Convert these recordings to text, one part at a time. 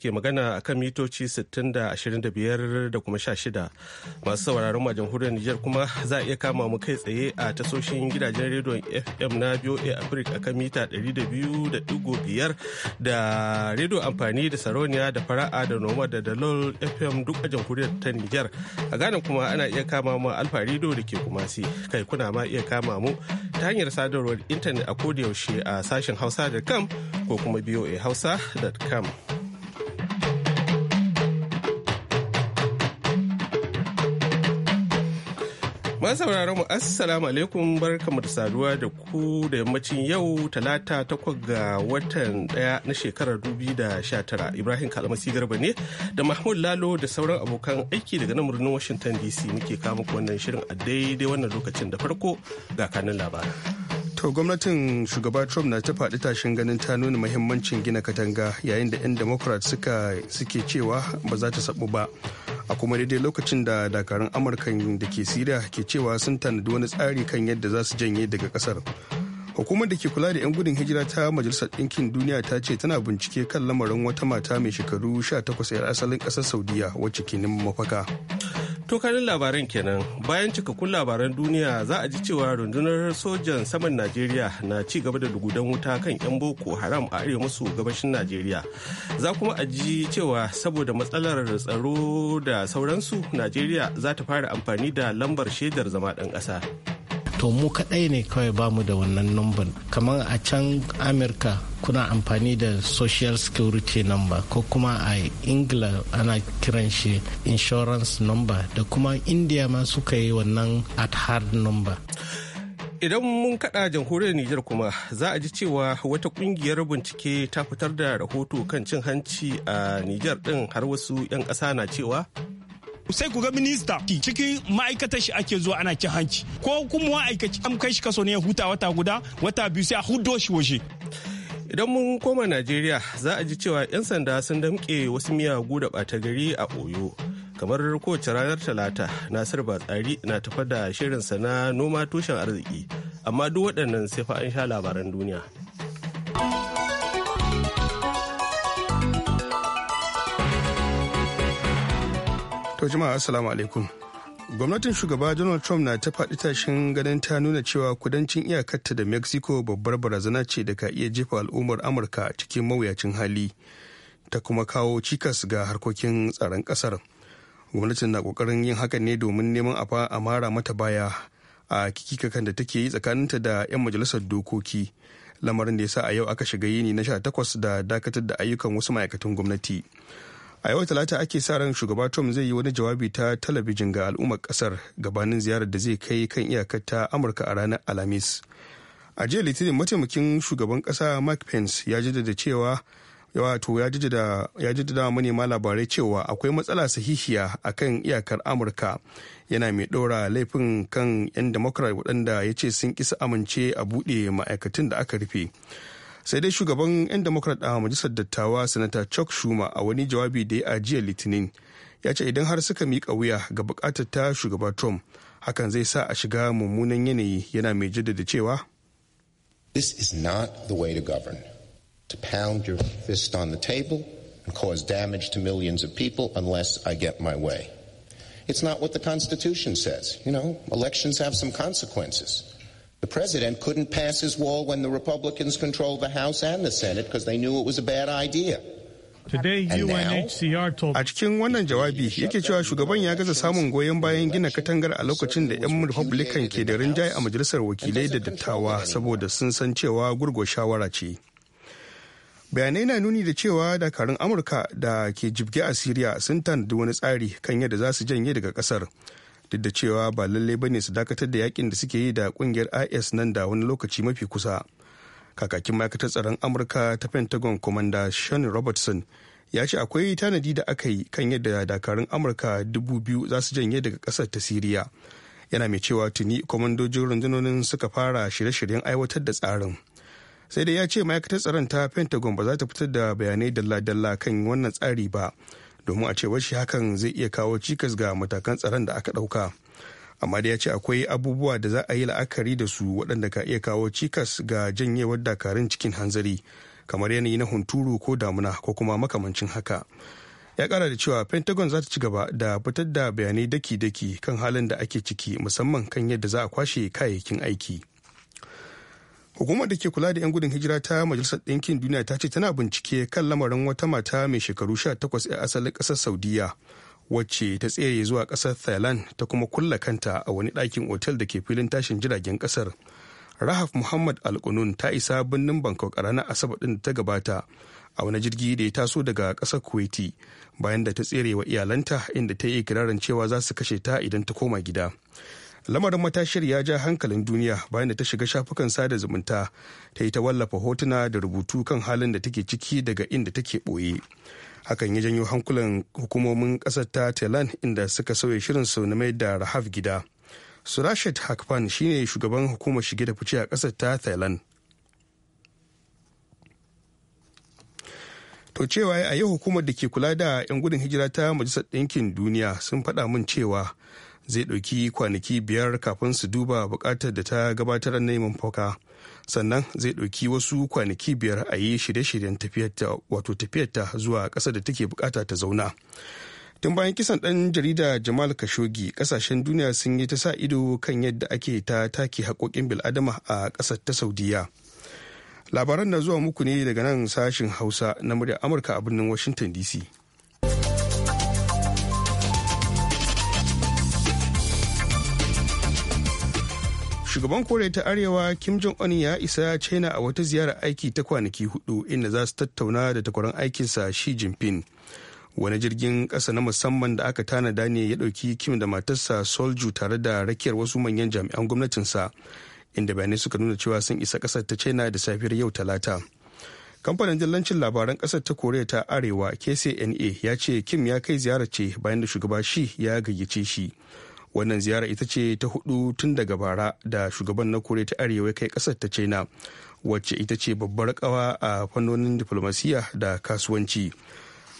ke magana a kan mitoci 60 da 25 da kuma 16 masu sauraron ma jamhuriyar Nijar kuma za a iya kama mu kai tsaye a tasoshin gidajen rediyon FM na BOA Africa kan mita 200.5 da rediyo amfani da sarauniya da fara'a da noma da dalol FM duk a jamhuriyar ta Nijar a Ghana kuma ana iya kama mu alfa rediyo da ke kuma si kai kuna ma iya kama mu ta hanyar sadarwar intanet a kodayaushe a sashen hausa.com ko kuma boa hausa.com Man sauraron mu assalamu alaikum mu da saduwa da ku da yammacin yau talata takwas ga watan daya na shekarar da tara Ibrahim Kalmasi Garba ne da Mahmud Lalo da sauran abokan aiki daga nan murnin Washington DC muke kama wannan shirin a daidai wannan lokacin da farko ga kanin labaran. To gwamnatin shugaba Trump na ta faɗi tashin ganin ta nuna muhimmancin gina katanga yayin da 'yan Democrat suke cewa ba za ta sabu ba. a kuma daidai lokacin da dakarun amurkan da ke siriya ke cewa sun tanadi wani tsari kan yadda za su janye daga kasar hukumar da ke kula da 'yan gudun hijira ta majalisar ɗinkin duniya ta ce tana bincike kan lamarin wata mata mai shekaru 18 'yar asalin ƙasar saudiya wacce ke neman mafaka to kanin labaran kenan bayan cikakkun labaran duniya za a ji cewa rundunar sojan saman najeriya na ci gaba da dugudan wuta kan 'yan boko haram a arewa maso gabashin najeriya za kuma a ji cewa saboda matsalar tsaro da sauransu najeriya za ta fara amfani da lambar shaidar zama ɗan ƙasa. to mu kaɗai ne kawai bamu da wannan number kamar a can amurka kuna amfani da social security number ko kuma a ingila ana kiran shi insurance number da kuma india ma suka yi wannan at hard number idan mun kada jamhuriyar niger kuma za a ji cewa wata kungiyar bincike ta fitar da rahoto kan cin hanci a niger din har wasu 'yan ƙasa na cewa sai ku ga minista cikin ma'aikatar shi ake zuwa ana cin hanci ko kuma ma'aikaci an kai shi kaso ne ya huta wata guda wata biyu sai a hudo shi waje idan mun koma najeriya za a ji cewa 'yan sanda sun damƙe wasu miyagu da ɓata gari a oyo kamar kowace ranar talata nasir batsari na tafa da shirinsa na noma tushen arziki amma duk waɗannan sai fa an sha labaran duniya. To jama'a assalamu alaikum. Gwamnatin shugaba Donald Trump na ta faɗi tashin ganin ta nuna cewa kudancin iyakarta da Mexico babbar barazana ce da ka iya jefa al'ummar Amurka cikin mawuyacin hali ta kuma kawo cikas ga harkokin tsaron ƙasar. Gwamnatin na ƙoƙarin yin hakan ne domin neman a mara mata baya a kikikakan da take yi tsakaninta da 'yan majalisar dokoki. Lamarin da ya sa a yau aka shiga yini na 18 da dakatar da ayyukan wasu ma'aikatan gwamnati. a yau talata ake sa ran shugaba tom zai yi wani jawabi ta talabijin ga al'ummar kasar gabanin ziyarar da zai kai kan iyakar ta amurka a ranar alhamis a jiya litinin mataimakin shugaban kasa mike pence ya jaddada cewa wato ya jaddada manema labarai cewa akwai matsala sahihiya a kan iyakar amurka yana mai ɗora laifin kan 'yan democrat waɗanda ya ce sun kisa amince a buɗe ma'aikatan da aka rufe sai dai shugaban 'yan democrat a majalisar dattawa sanata chuck schumer a wani jawabi da ya litinin ya ce idan har suka miƙa wuya ga ta shugaba trump hakan zai sa a shiga mummunan yanayi yana mai jaddada cewa this is not the way to govern to pound your fist on the table and cause damage to millions of people unless i get my way it's not what the constitution says you know elections have some consequences The president couldn't pass his wall when the Republicans controlled the House and the Senate because they knew it was a bad idea. a cikin wannan jawabi yake cewa shugaban ya gaza samun goyon bayan gina katangar a lokacin da 'yan Republican ke da rinjaye a majalisar wakilai da dattawa saboda sun san cewa gurgo shawara ce. Bayanai na nuni da cewa dakarun Amurka da ke jibge a Siriya sun tanadi wani tsari kan yadda za su janye daga kasar duk da cewa ba lallai ba ne su dakatar da yakin da suke yi da kungiyar is nan da wani lokaci mafi kusa kakakin ma'aikatar tsaron amurka ta pentagon commander sean robertson ya ce akwai tanadi da aka yi kan yadda dakarun amurka dubu biyu za su janye daga kasar ta siriya yana mai cewa tuni kwamandojin rundunonin suka fara shirye-shiryen aiwatar da tsarin sai dai ya ce ma'aikatar tsaron ta pentagon ba za ta fitar da bayanai dalla-dalla kan wannan tsari ba domin a cewar shi hakan zai iya kawo cikas ga matakan tsaron da aka ɗauka amma da ya ce akwai abubuwa da za a yi la'akari da su waɗanda ka iya kawo cikas ga janyewar dakarun cikin hanzari kamar yanayi na hunturu ko damuna ko kuma makamancin haka ya kara da cewa pentagon za ta ci gaba da fitar da bayanai daki-daki kan halin da ake ciki musamman kan yadda za a kwashe kayayyakin aiki hukumar da ke kula da 'yan gudun hijira ta majalisar ɗinkin duniya ta ce tana bincike kan lamarin wata mata mai shekaru 18 'yan asalin ƙasar saudiya wacce ta tsere zuwa ƙasar thailand ta kuma kulla kanta a wani ɗakin otel da ke filin tashin jiragen ƙasar rahaf muhammad alkunun ta isa birnin bangkok a ranar asabar ɗin da ta gabata a wani jirgi da ya taso daga ƙasar kuwaiti bayan da ta tsere wa iyalanta inda ta yi ikirarin cewa za su kashe ta idan ta koma gida lamarin matashiyar ya ja hankalin duniya bayan da ta shiga shafukan sada zumunta ta yi ta wallafa hotuna da rubutu kan halin da take ciki daga inda take ɓoye hakan ya janyo hankulan hukumomin kasar ta thailand inda suka sauya shirin su na mai da rahaf gida surashet hakpan shine shugaban hukumar shige da fice a kasarta ta thailand To cewa a yi hukumar da ke kula da 'yan gudun hijira ta Majalisar Ɗinkin Duniya sun faɗa min cewa zai ɗauki kwanaki biyar kafin su duba buƙatar da ta gabatar na neman foka sannan zai ɗauki wasu kwanaki biyar a yi shirye-shiryen tafiyarta zuwa ƙasar da take buƙata ta zauna tun bayan kisan ɗan jarida jamal kashogi ƙasashen duniya sun yi ta sa ido kan yadda ake ta take haƙoƙin bil'adama a ƙasar ta saudiya labaran na zuwa muku ne daga nan sashin hausa na muryar amurka a birnin washington dc shugaban koriya ta arewa kim jong un ya isa china a wata ziyarar aiki ta kwanaki hudu inda za su tattauna da takwaran aikinsa shi jinping wani jirgin ƙasa na musamman da aka tanada ne ya dauki kim da matarsa solju tare da rakiyar wasu manyan jami'an gwamnatinsa inda bayanai suka nuna cewa sun isa ƙasar ta china da safiyar yau talata kamfanin dillancin labaran ƙasar ta koriya ta arewa kcna ya ce kim ya kai ziyarar ce bayan da shugaba shi ya gayyace shi wannan ziyara ita ce ta hudu tun daga bara da shugaban na koreya ta arewa kai kasar ta china wacce ita ce babbar kawa a fannonin diplomasiya da kasuwanci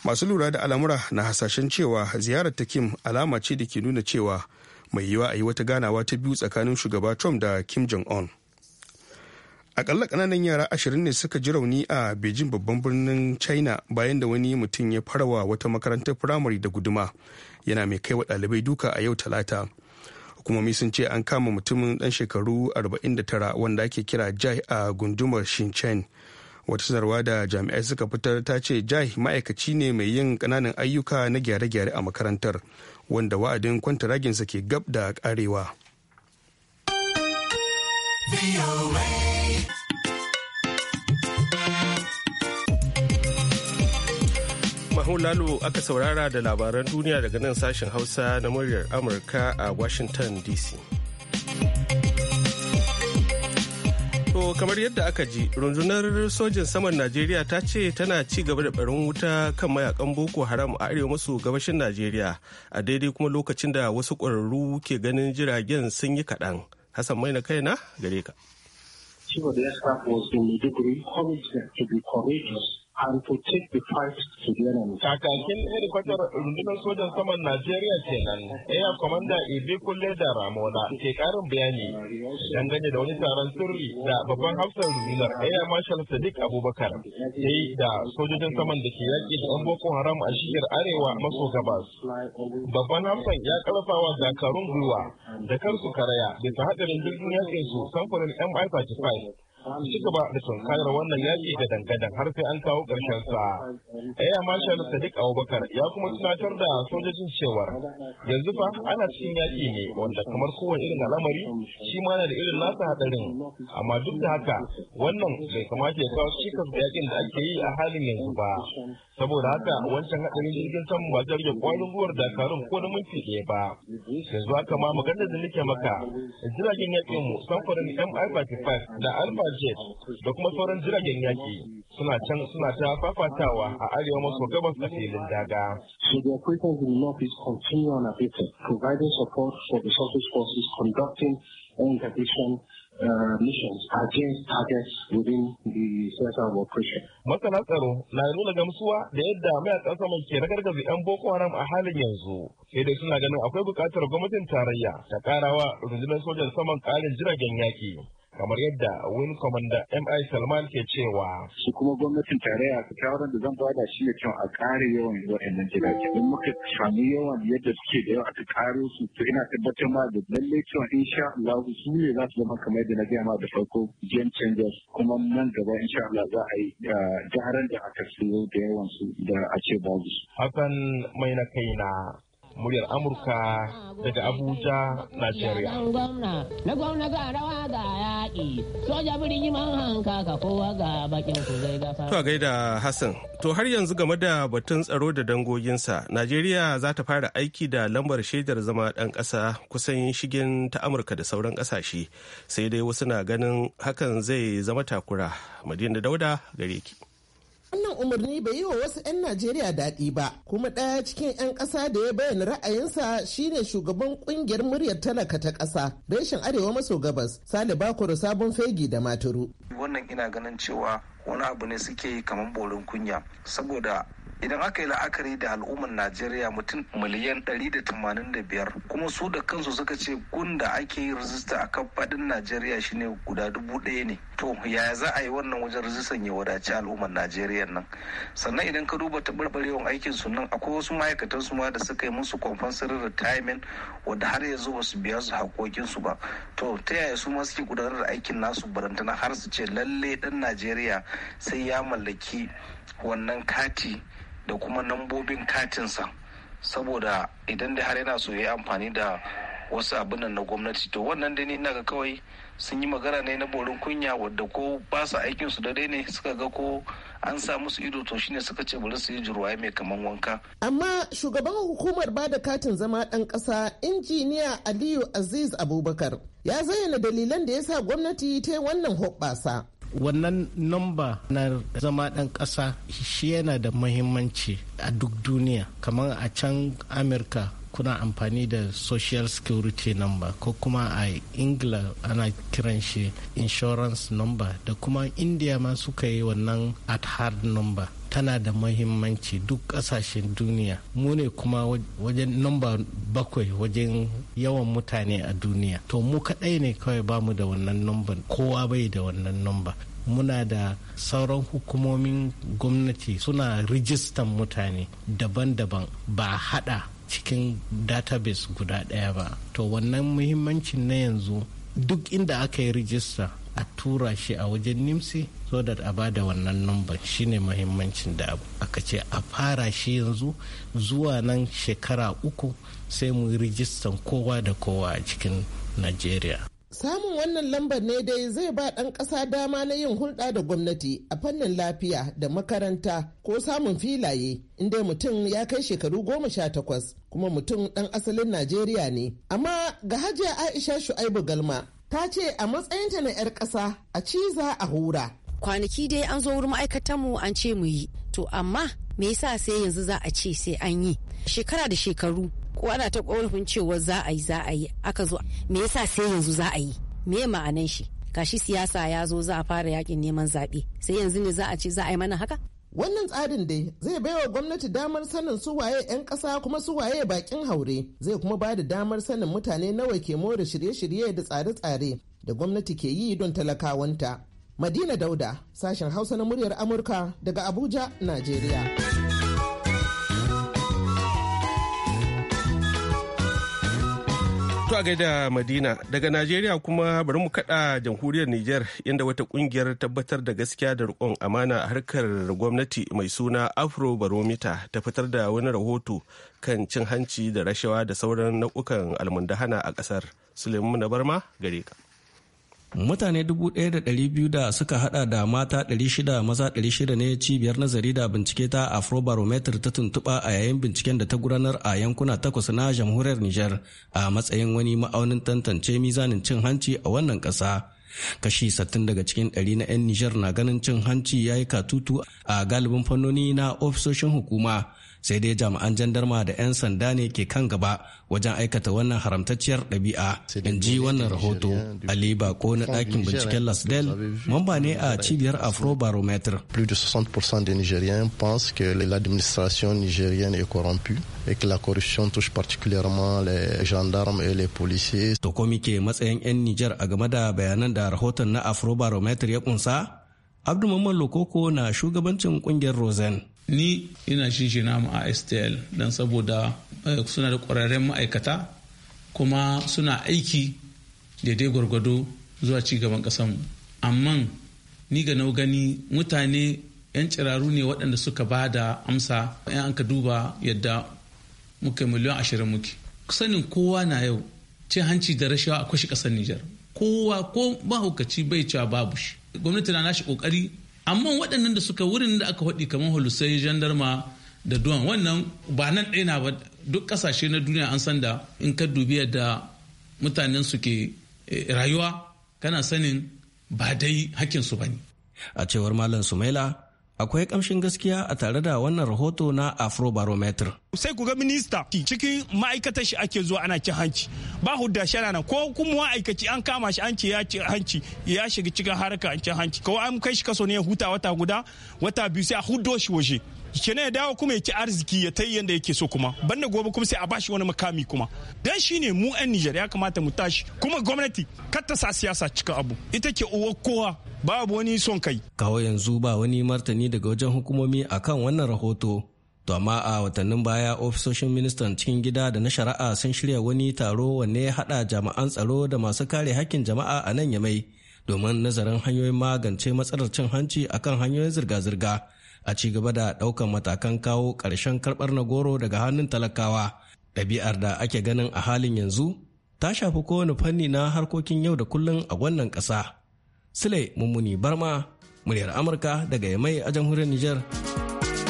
masu lura da al'amura na hasashen cewa ziyarar ta kim alama ce da ke nuna cewa mai yiwa a yi wata ganawa ta biyu tsakanin shugaba trump da kim jong-un akalla kananan yara ashirin ne suka ji rauni a beijing babban birnin china bayan da wani mutum ya farawa wata makarantar firamare da guduma yana mai kai wa ɗalibai duka a yau talata hukumomi sun ce an kama mutumin dan shekaru 49 wanda ake kira jai a gundumar shinchen wata sanarwa da jami'ai suka fitar ta ce jai ma'aikaci ne mai yin ƙananan ayyuka na gyare-gyare a makarantar wanda wa'adin kwanta raginsa ke gab da ƙarewa. Mahulalu aka saurara da labaran duniya daga nan sashen Hausa na muryar Amurka a Washington DC. To kamar yadda aka ji, rundunar sojin saman Najeriya ta ce tana ci gaba da barin wuta kan mayakan Boko Haram a arewa maso gabashin Najeriya a daidai kuma lokacin da wasu ƙwararru ke ganin jiragen sun yi kaɗan. Hassan mai na kaina gare ka. Ciwo da ya samu wasu Maiduguri, courage to be courageous and to take the fight to the enemy. Kakakin hedikwatar rundunar sojan saman Najeriya kenan, Air Commander Ibi Kulle Ramona ke karin bayani dangane da wani taron sirri da babban hafsan rundunar Air Marshal Sadiq Abubakar ya yi da sojojin saman da ke yaƙi da ‘yan Boko Haram a shiyar arewa maso gabas. Babban hafsan ya karfawa zakarun gwiwa da kansu karaya bisa haɗarin jirgin yaƙin su samfurin MI-35 ci gaba da tunkarar wannan yaƙi da dangadan har sai an kawo ƙarshen sa. Eh, Aya Marshal Sadiq Abubakar ya kuma tunatar da sojojin cewar yanzu fa ana cikin yaƙi ne wanda kamar kowane irin al'amari shi ma na da irin nasa hadarin amma duk da haka wannan bai kamata ya kawo cikas da yaƙin da ake yi a halin yanzu ba. Saboda haka wancan hadarin jirgin sama ba zai rage ƙwarin gwiwar Dakarun ko na minti ɗaya ba. Yanzu haka ma maganar da nake maka jiragen yakin mu samfurin MI-35 da Alfa jet da kuma sauran jiragen yaƙi suna can suna ta fafatawa a arewa maso gabas a filin daga. So the operations in the north is a unabated, providing support for the surface forces conducting interdiction uh, missions against targets within the of operation. Masana tsaro na nuna gamsuwa da yadda mayakan saman ke ragargaza 'yan Boko Haram a halin yanzu. Sai dai suna ganin akwai bukatar gwamnatin tarayya ta karawa rundunar sojan saman karin jiragen yaki kamar yadda wing commander mi salman ke cewa shi kuma gwamnatin tarayya ta shawarar da zan bada shi ne cewa a kare yawan wa'annan gidaje. in muka sami yawan yadda suke da yawa aka karo su to ina tabbatar ma da lalle cewa insha Allah su ne za su zama kamar yadda na gaya ma da farko game changers kuma nan gaba insha Allah za a yi jaharan da aka siyo da yawan su da a ce babu. Hakan mai na kai na. muryar Amurka daga Abuja, nigeria Na gwamna ga rawa ga yaƙi, soja birni man kowa ga bakin ku zai To gaida Hassan, to har yanzu game da batun tsaro da dangoginsa, Najeriya za ta fara aiki da lambar shaidar zama ɗan ƙasa kusan shigin ta Amurka da sauran ƙasashe, sai dai wasu na ganin hakan zai zama takura. Madina Dauda gare ki. Wannan umarni bai yi wa wasu 'yan Najeriya daɗi ba, kuma ɗaya cikin 'yan ƙasa da ya bayyana ra'ayinsa shine shugaban ƙungiyar muryar talaka ta ƙasa, reshen Arewa maso gabas, Sale Bakoro Sabon Fegi da Maturu. Wannan ina ganin cewa wani abu ne suke yi kamar borin kunya, saboda idan aka yi la'akari da al'ummar najeriya mutum miliyan 185 kuma su da kansu suka ce gun da ake yi rajista a kan faɗin najeriya shine guda dubu ɗaya ne to yaya za a yi wannan wajen rijistan ya wadaci al'ummar najeriya nan sannan idan ka duba taɓarɓarewar aikin su nan akwai wasu ma'aikatan su ma da suka yi musu compulsory retirement wanda har yanzu ba su biya su haƙoƙin su ba to ta yaya su ma suke gudanar da aikin nasu barantana har su ce lalle ɗan najeriya sai ya mallaki wannan kati da kuma nambobin katinsa saboda idan da har yana so ya yi amfani da wasu abinan na gwamnati to wannan da ni ina ga kawai sun yi magana ne na borin kunya wadda ko ba su aikin su dai ne suka ga ko an sa musu ido to shine suka ce bari su yi jirwaye mai kaman wanka amma shugaban hukumar bada katin zama dan kasa injiniya aliyu aziz abubakar ya zayyana dalilan da ya sa gwamnati ta yi wannan hoɓɓasa wannan namba na zama ɗan ƙasa shi yana da mahimmanci a duk duniya kamar a can amurka kuna amfani da social security number ko kuma a ingila ana kiran shi insurance number da kuma india ma suka yi wannan at hard number tana da mahimmanci duk kasashen duniya mu ne kuma wajen namba bakwai wajen yawan mutane a duniya to mu kaɗai ne kawai bamu da wannan number kowa bai da wannan number muna da sauran hukumomin gwamnati suna rijistan mutane daban-daban ba hada cikin database guda ɗaya ba to wannan muhimmancin na yanzu duk inda aka yi rijista a tura shi a wajen nimsi so da a bada wannan lambar shine mahimmancin da aka ce a fara shi yanzu zuwa nan shekara uku sai mu rijistan kowa da kowa a cikin nigeria. samun wannan lambar ne dai zai ba ɗan ƙasa dama na yin hulɗa da gwamnati a fannin lafiya da makaranta ko samun filaye inda mutum ya kai shekaru goma sha takwas kuma mutum ɗan asalin najeriya ne amma ga hajiya aisha shu'aibu galma ta ce a matsayinta na 'yar ƙasa a ciza a hura. Kwanaki dai an zo wurin ma'aikatanmu an ce mu yi, to amma me yasa sai yanzu za a ce sai an yi. Shekara da shekaru ko ana ta ƙorafin cewa za a yi za a yi aka zo me yasa sai yanzu za a yi me ma'anan shi gashi siyasa ya zo za a fara yakin neman zaɓe sai yanzu ne za a ce za a yi mana haka. Wannan tsarin dai zai baiwa gwamnati damar sanin su waye 'yan ƙasa kuma su waye bakin haure zai kuma ba da damar sanin mutane nawa ke more shirye-shirye da tsare-tsare da gwamnati ke yi don talakawanta. Madina Dauda, sashen Hausa na muryar Amurka daga Abuja, Najeriya. To a gaida Madina daga Najeriya kuma bari mu kada jamhuriyar Nijar inda wata kungiyar tabbatar da gaskiya da rikon amana a harkar gwamnati mai suna Afro Barometer ta fitar da wani rahoto kan cin hanci da rashawa da sauran nau'ukan almundahana a kasar. Suleiman Barma gare ka. mutane 1,200 da suka hada da mata 600 maza 600 ne cibiyar nazari da bincike ta afrobarometer ta tuntuɓa a yayin binciken da ta gudanar a yankuna takwas na jamhuriyar niger a matsayin wani ma'aunin tantance mizanin cin hanci a wannan ƙasa kashi 60 daga cikin 100 na 'yan niger na ganin cin hanci ya yi katutu a galibin fannoni na ofisoshin hukuma sai dai jami'an jandarma da 'yan sanda ne ke kan gaba wajen aikata wannan haramtacciyar ɗabi'a in ji wannan rahoto ali bako na ɗakin binciken lasdel mamba ne a cibiyar afrobarometer plus de 60% des nigériens pensent que l'administration nigérienne est corrompue et que la corruption touche particulièrement les gendarmes et les policiers to komi ke matsayin 'yan nijar a game da bayanan da rahoton na afrobarometer ya kunsa abdu mamman lokoko na shugabancin kungiyar rosen ni ina shinshina a stl don saboda eh, suna da ƙwararren ma'aikata kuma suna aiki daidai gwargwado zuwa ci cigaban ƙasanmu amma ni ga gani mutane 'yan ciraru ne waɗanda suka ba da amsa in an ka duba yadda muke miliyan ashirin muke sanin kowa na yau ce hanci da rashawa a kwashe ƙasar nijar kowa ko mahaukaci bai cewa babu shi gwamnati na nashi ƙoƙari. amma waɗannan da suka wurin da aka haɗi kamar holusai jandarma da duwan wannan ba nan ɗaya na ba duk ƙasashe na duniya an san da in ka dubi yadda mutanen su ke eh, rayuwa kana sanin ba dai hakkin su bane a cewar malam sumaila akwai kamshin gaskiya a tare da wannan rahoto na afrobarometer sai ku ga minista cikin ma'aikatar shi ake zuwa ana cin hanci ba hudda shana nan ko kuma ma'aikaci an kama shi an ce ya ci hanci ya shiga cikin harka an cin hanci ko an kai shi kaso ne ya huta wata guda wata biyu sai a huddo shi waje kenan ya dawo kuma ya ci arziki ya ta yanda yake so kuma banda gobe kuma sai a bashi wani makami kuma dan shi ne mu yan Nijar ya kamata mu tashi kuma gwamnati kar ta sa siyasa cikin abu ita ke uwar kowa babu wani son kai kawo yanzu ba wani martani daga wajen hukumomi akan wannan rahoto to amma a watannin baya ofisoshin ministan cikin gida da na shari'a sun shirya wani taro wanne ya haɗa jami'an tsaro da masu kare hakkin jama'a a nan yamai domin nazarin hanyoyin magance matsalar cin hanci akan hanyoyin zirga-zirga a ci gaba da ɗaukan matakan kawo ƙarshen karɓar na goro daga hannun talakawa ɗabi'ar da ake ganin a halin yanzu ta shafi kowane fanni na harkokin yau da kullum a wannan ƙasa. Sule Mummuni Barma, muryar Amurka daga Yamai a jamhuriyar Nijar.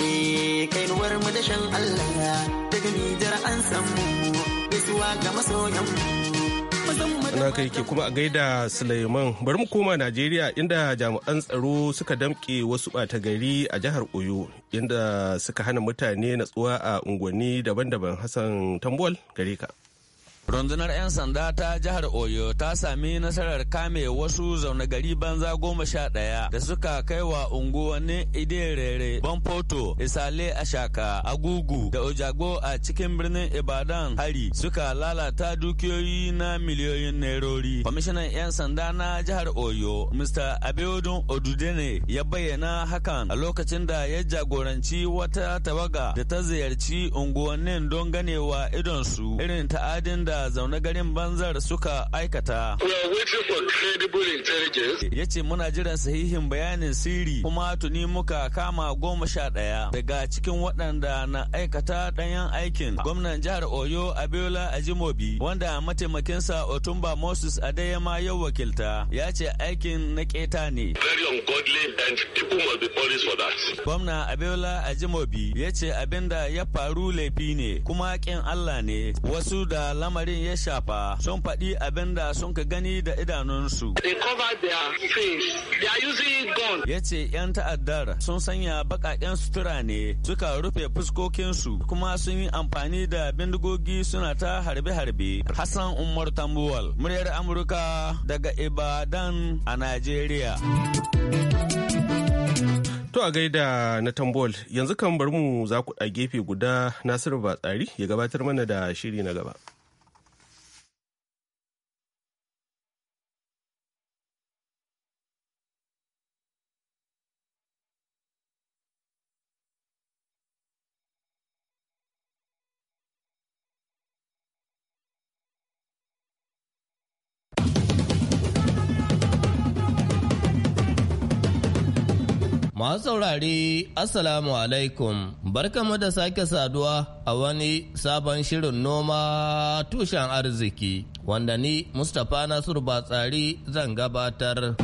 E, kainuwar Ana kai ke kuma a gaida Sulaiman bari mu koma Najeriya inda jami'an tsaro suka damƙe wasu ɓata gari a jihar Oyo inda suka hana mutane natsuwa a unguwanni daban-daban Hassan Tambuwal gare ka. rundunar 'yan sanda ta jihar oyo ta sami nasarar kame wasu zaune gari banza goma sha ɗaya da suka kai wa unguwannin idirere bonfoto isale ashaka agugu da ojago a cikin birnin ibadan hari suka lalata dukiyoyi na miliyoyin nairobi. kwamishinan 'yan sanda na jihar oyo mr abiodun odudene ya bayyana hakan a lokacin da ya jagoranci wata tawaga da ta ziyarci unguwannin don ganewa idonsu irin ta'adin da zaune garin banzar suka aikata. Ya ce muna jiran sahihin bayanin sirri kuma tuni muka kama goma sha ɗaya daga cikin waɗanda na aikata ɗanyen aikin. Gwamnan jihar Oyo Abiola Ajimobi wanda mataimakinsa Otumba Moses adeyama yau wakilta ya ce aikin na keta ne. Gwamna Abiola Ajimobi ya ce abin da ya faru laifi ne kuma ƙin Allah ne wasu da lamarin lamarin ya shafa sun faɗi abin da sun ka gani da idanunsu. Ya ce 'yan ta'addar sun sanya baƙaƙen sutura ne suka rufe fuskokinsu kuma sun yi amfani da bindigogi suna ta harbe-harbe. Hassan Umar Tambuwal, muryar Amurka daga Ibadan a Najeriya. To a gaida na tambol yanzu kan bari mu za ku a gefe guda Nasiru Batsari ya gabatar mana da shiri na gaba. Masu asalamu Assalamu alaikum, barkamu da sake saduwa a wani sabon shirin noma tushen arziki, wanda ni Mustapha Nasiru Batsari zan gabatar.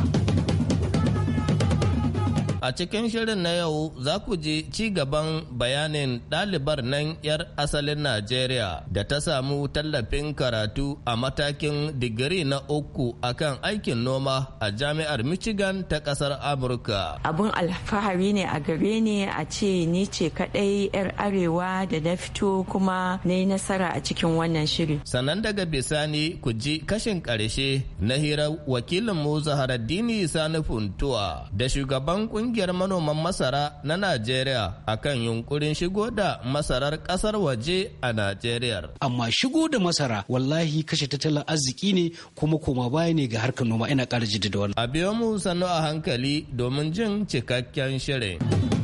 A cikin shirin na yau za ku ji ci gaban bayanin ɗalibar nan 'yar asalin Najeriya da ta samu tallafin karatu a matakin digiri na uku akan aikin noma a jami'ar Michigan ta ƙasar Amurka. Abun alfahari ne a gare ni a ce ni ce kaɗai 'yar arewa da na fito kuma na yi nasara a cikin wannan shiri. Sannan daga bisani ku ji kashin ƙarshe na hira wakilinmu Zaharaddini Sani Funtuwa da shugaban kungiyar manoman masara na Najeriya akan yunkurin shigo da masarar kasar waje a Najeriya. Amma shigo da masara wallahi kashe tattalin arziki ne kuma koma baya ne ga harkar noma ina ƙara da wannan. A biyo mu sannu a hankali domin jin cikakken shirin.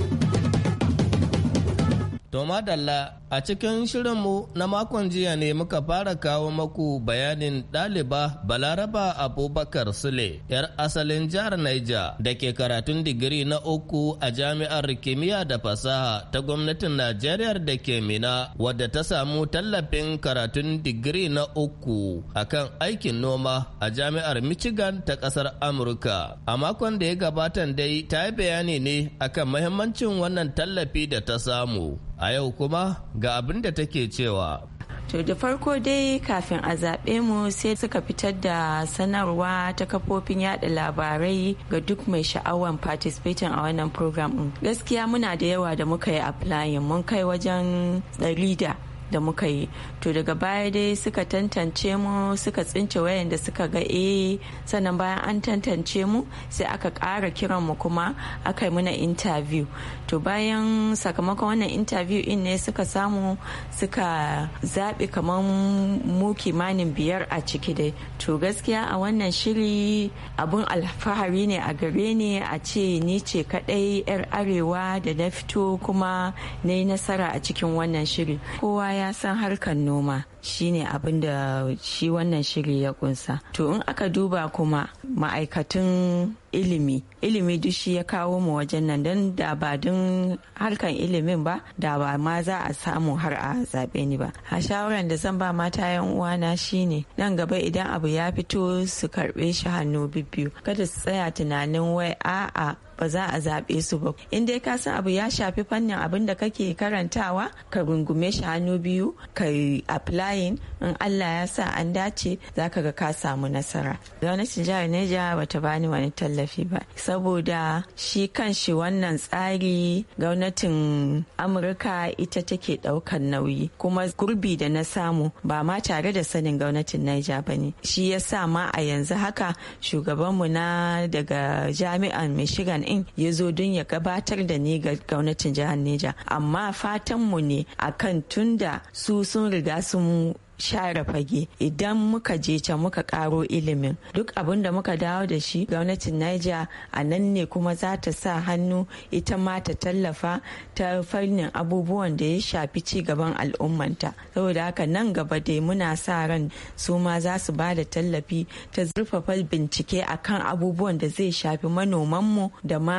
To madalla a cikin shirinmu na makon jiya ne muka fara kawo maku bayanin ɗaliba Balaraba Abubakar Sule, 'yar asalin jihar Naija da ke karatun digiri na uku a jami'ar kimiyya da fasaha ta gwamnatin Najeriya da ke Mina, wadda ta samu tallafin karatun digiri na uku a kan aikin noma a jami'ar Michigan ta ƙasar Amurka. A makon da ya gabatan dai ta yi bayani ne akan mahimmancin wannan tallafi da ta samu. A yau kuma ga abin da take cewa. To da farko dai kafin a zaɓe mu sai suka fitar da sanarwa ta kafofin yada labarai ga duk mai sha'awan participating a wannan program ɗin. Gaskiya muna da yawa da muka yi applying mun kai wajen ɗari da da muka yi to daga baya dai suka tantance mu suka tsince wayan da suka ga eh sannan bayan an tantance mu sai aka ƙara kiran mu kuma aka yi muna interview to bayan sakamakon wannan interview in ne suka samu suka zaɓi kamar mu kimanin biyar a ciki dai to gaskiya a wannan shiri abun alfahari ne a gare ni a ce ni ce kaɗai 'yar arewa da na fito kuma na yi nasara a cikin wannan shiri kowa ya san harkar noma shine abin da shi wannan shiri ya kunsa to in aka duba kuma ma'aikatun ilimi ilimi duk shi ya kawo mu wajen nan don da ba don harkan ilimin ba da ba ma za a samu har a zaɓe ni ba a shawaran da zan ba mata yan uwana shine nan gaba idan abu ya fito su karɓe shi hannu biyu, kada su tsaya tunanin wai a'a ba za a zaɓe su ba in dai ka san abu ya shafi fannin abin da kake karantawa ka rungume shi hannu biyu ka yi applying in Allah ya sa an dace za ka ga ka samu nasara gwamnatin jihar Neja bata bani wani tallafi ba saboda shi kan shi wannan tsari gwamnatin Amurka ita take ɗaukar nauyi kuma gurbi da na samu ba ma tare da sanin gwamnatin Neja ba ne shi ya sa ma a yanzu haka shugabanmu na daga jami'an Michigan in ya zo don ya gabatar da ni ga gwamnatin jihar Neja amma fatan mu ne akan tunda su sun riga sun share fage idan muka je can muka karo ilimin duk abin da muka dawo da shi gwamnatin niger a nan ne kuma za ta sa hannu ita ma ta tallafa ta fannin abubuwan da ya shafi ci gaban al'ummanta saboda haka nan gaba dai muna sa ran su ma za su ba da tallafi ta zurfafa bincike akan abubuwan da zai shafi manoman mu da ma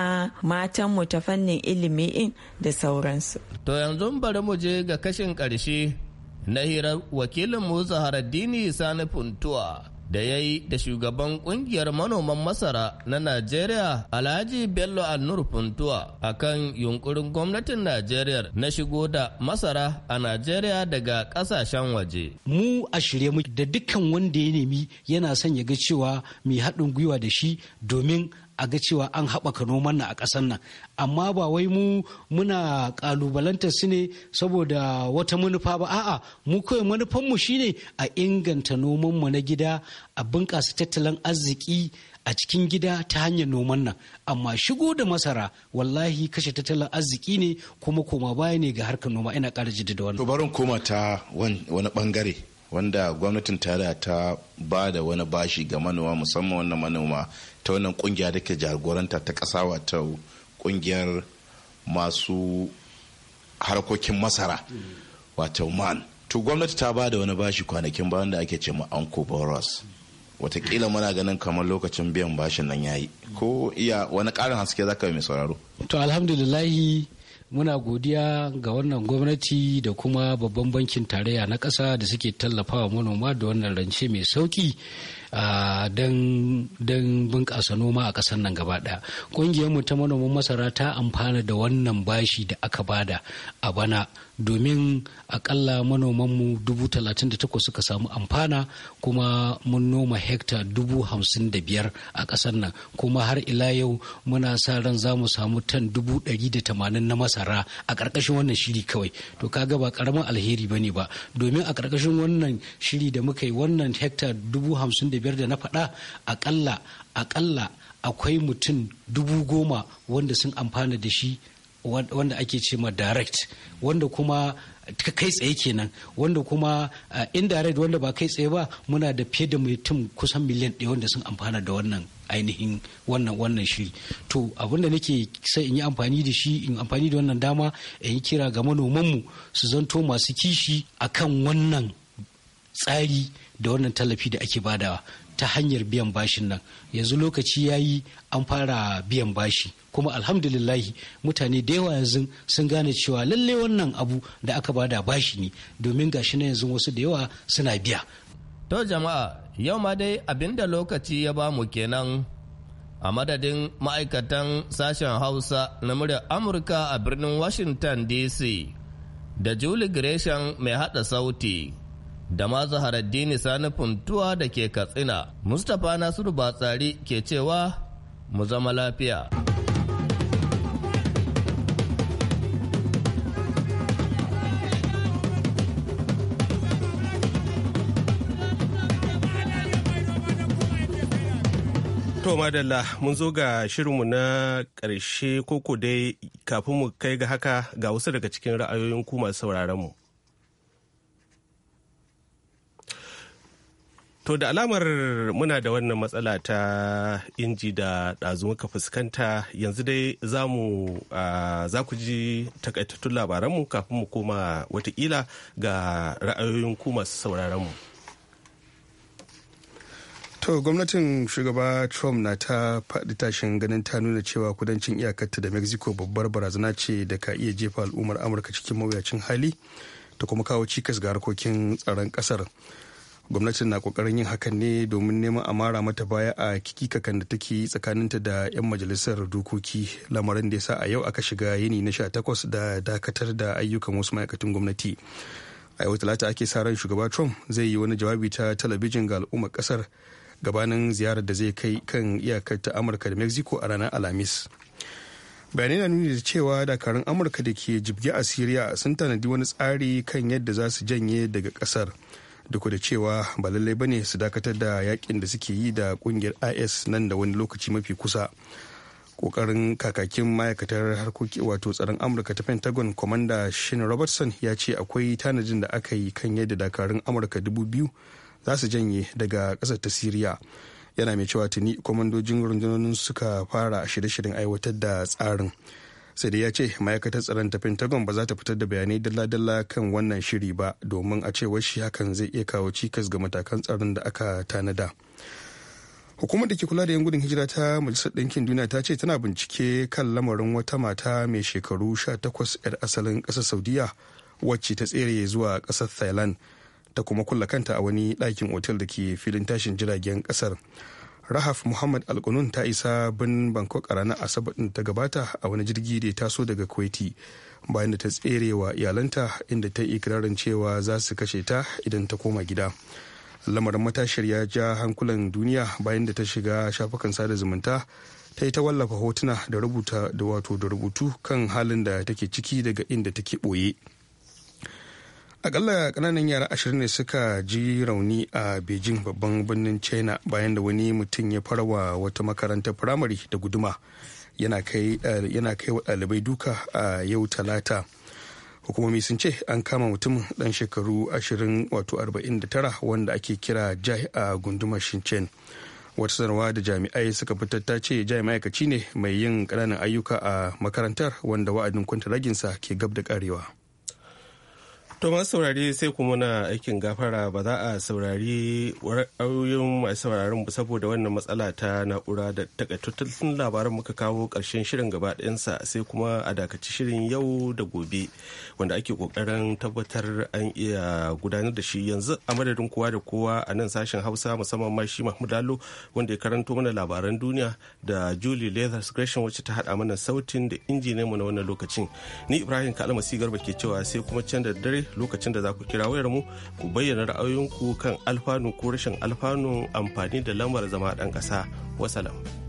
matanmu ta fannin ilimi in da sauransu to yanzu bari mu je ga kashin karshe. na hirar wakilin musa haraddini sani funtuwa da ya yi da shugaban kungiyar manoman masara na Najeriya Alhaji Bello Annur Funtuwa a kan yunkurin gwamnatin Najeriya na shigo da masara a Najeriya daga kasashen waje. Mu a shirye mu da dukkan wanda ya nemi yana son ya ga cewa mai haɗin gwiwa da shi domin a ga cewa an haɓaka noman na a ƙasar nan amma ba wai mu muna ƙalubalanta su ne saboda wata manufa ba a'a mu kawai manufanmu shine a inganta noman mu na gida a bunƙasa tattalin arziki a cikin gida ta hanyar noman nan amma shigo da masara wallahi kashe tattalin arziki ne kuma koma baya ne ga harkar noma ina ƙara jidda da wannan. to barin koma ta wani bangare wanda gwamnatin tara ta ba da wani bashi ga manoma musamman wannan manoma ta wannan kungiya da ke jagoranta ta kasa wata kungiyar masu harkokin masara wato man to gwamnati ta ba da wani bashi kwanakin bayan da ake ce ma anko boros watakila muna ganin kamar lokacin biyan bashin nan yayi ko iya wani karin haske zaka mai sauraro to alhamdulillahi muna godiya ga wannan gwamnati da kuma babban bankin tarayya na ƙasa da suke tallafawa manoma da wannan rance mai sauki don bunƙasa noma a ƙasar nan gaba ɗaya ƙungiyarmu ta manoman masara ta amfana da wannan bashi da aka bada a bana domin akalla manomanmu dubu talatin da takwas suka samu amfana kuma mun noma hekta dubu hamsin da biyar a ƙasar nan kuma har ila yau muna sa ran za mu samu tan dubu ɗari da tamanin na masara a ƙarƙashin wannan shiri kawai to kaga ba ƙaramin alheri ba ne ba domin a ƙarƙashin wannan shiri da muka yi wannan hekta dubu hamsin da biyar da na faɗa akalla akalla akwai mutum dubu goma wanda sun amfana da shi wanda ake ce ma direct wanda kuma kai tsaye kenan wanda kuma indirect wanda ba kai tsaye ba muna da fiye da mutum kusan miliyan ɗaya wanda sun amfana da wannan ainihin wannan wannan shiri to abinda nake sai in yi amfani da shi in amfani da wannan dama in yi kira ga manomanmu su zanto masu kishi akan wannan tsari da wannan tallafi da ake badawa ta hanyar biyan bashin nan yanzu lokaci ya yi an fara biyan bashi kuma alhamdulillahi mutane da yawa yanzu sun gane cewa lalle wannan abu da aka bada bashi ne domin gashi na yanzu wasu da yawa suna biya to jama'a yau ma dai abinda lokaci ya ba mu kenan a madadin ma'aikatan sashen hausa na muryar amurka a birnin washington dc da Juli gresham mai hada sauti da ma zaharaddini sani funtuwa da ke katsina mustapha nasiru batsari ke cewa mu zama lafiya To madalla mun zo ga shirinmu na ƙarshe koko dai kafin mu kai ga haka ga wasu daga cikin ra'ayoyin ku masu sauraron mu. To da alamar muna da wannan matsala ta inji da ɗazu muka fuskanta yanzu dai za mu za ku ji takaitattun labaranmu kafin mu koma watakila ga ra'ayoyin ku masu sauraronmu. mu. To gwamnatin shugaba Trump na ta faɗi tashin ganin ta nuna cewa kudancin iyakarta da Mexico babbar barazana ce da ka iya jefa al'ummar Amurka cikin mawuyacin hali ta kuma kawo cikas ga harkokin tsaron kasar Gwamnatin na ƙoƙarin yin hakan ne domin neman a mara mata baya a kikikakan da take tsakaninta da 'yan majalisar dokoki lamarin da ya sa a yau aka shiga yini na takwas da dakatar da ayyukan wasu ma'aikatan gwamnati. A yau talata ake sa ran shugaba Trump zai yi wani jawabi ta talabijin ga al'ummar kasar. gabanin ziyarar da zai kai kan iyakar ta amurka da mexico a ranar alhamis bayanai na nuni da cewa dakarun amurka da ke jibge a syria sun tanadi wani tsari kan yadda za su janye daga kasar duk da cewa ba lallai bane su dakatar da yakin da suke yi da kungiyar is nan da wani lokaci mafi kusa kokarin kakakin ma'aikatar harkoki wato tsaron amurka ta pentagon commander shin robertson ya ce akwai tanajin da aka yi kan yadda dakarun amurka dubu biyu za su janye daga ƙasar ta siriya yana mai cewa tuni kwamandojin rundunonin suka fara shirye-shiryen aiwatar da tsarin sai dai ya ce ma'aikatar tsaron ta pentagon ba za ta fitar da bayanai dalla-dalla kan wannan shiri ba domin a cewar shi hakan zai iya kawo cikas ga matakan tsaron da aka tanada hukumar da ke kula da yan gudun hijira ta majalisar ɗinkin duniya ta ce tana bincike kan lamarin wata mata mai shekaru 18 'yar asalin ƙasar saudiya wacce ta tsere zuwa ƙasar thailand ta kuma kulla kanta a wani ɗakin otel da ke filin tashin jiragen ƙasar rahaf muhammad alkunun ta isa bin bangkok a ranar asabar ta gabata a wani jirgi da ya taso daga kuwaiti bayan da ta tsere wa iyalanta inda ta yi ikirarin cewa za su kashe ta idan ta koma gida lamarin matashiyar ya ja hankulan duniya bayan da ta shiga shafukan sada zumunta ta yi ta wallafa hotuna da rubuta da wato da rubutu kan halin da take ciki daga inda take ɓoye. akalla kananan yara ashirin ne suka ji rauni a beijing babban birnin china bayan da wani mutum ya farawa wata makarantar firamare da guduma eh, yana kai wa ɗalibai duka a yau talata hukumomi sun ce an kama mutum dan shekaru 20 wato 49 wanda ake kira jai a gundumar shincen wata sanarwa da jami'ai suka fitar ta ce jai ma'aikaci ne mai yin ƙananan ayyuka a makarantar wanda wa'adin kwantaraginsa ke gab da karewa. To saurari sai kuma na aikin gafara ba za a saurari ra'ayoyin masu sauraron saboda wannan matsala ta na'ura da takaitattun labaran muka kawo ƙarshen shirin gaba ɗayansa sai kuma a dakaci shirin yau da gobe. wanda ake kokarin tabbatar an iya gudanar da shi yanzu a madadin kowa da kowa a nan sashen hausa musamman ma shi mahmud lalo wanda ya karanto mana labaran duniya da julie leathers gresham wacce ta hada mana sautin da injiniyan mu na wannan lokacin ni ibrahim si garba ke cewa sai kuma can da dare lokacin da za ku kira wayar mu ku bayyana ra'ayoyinku kan alfanu ko rashin alfanu amfani da lamar zama dan kasa wasalam.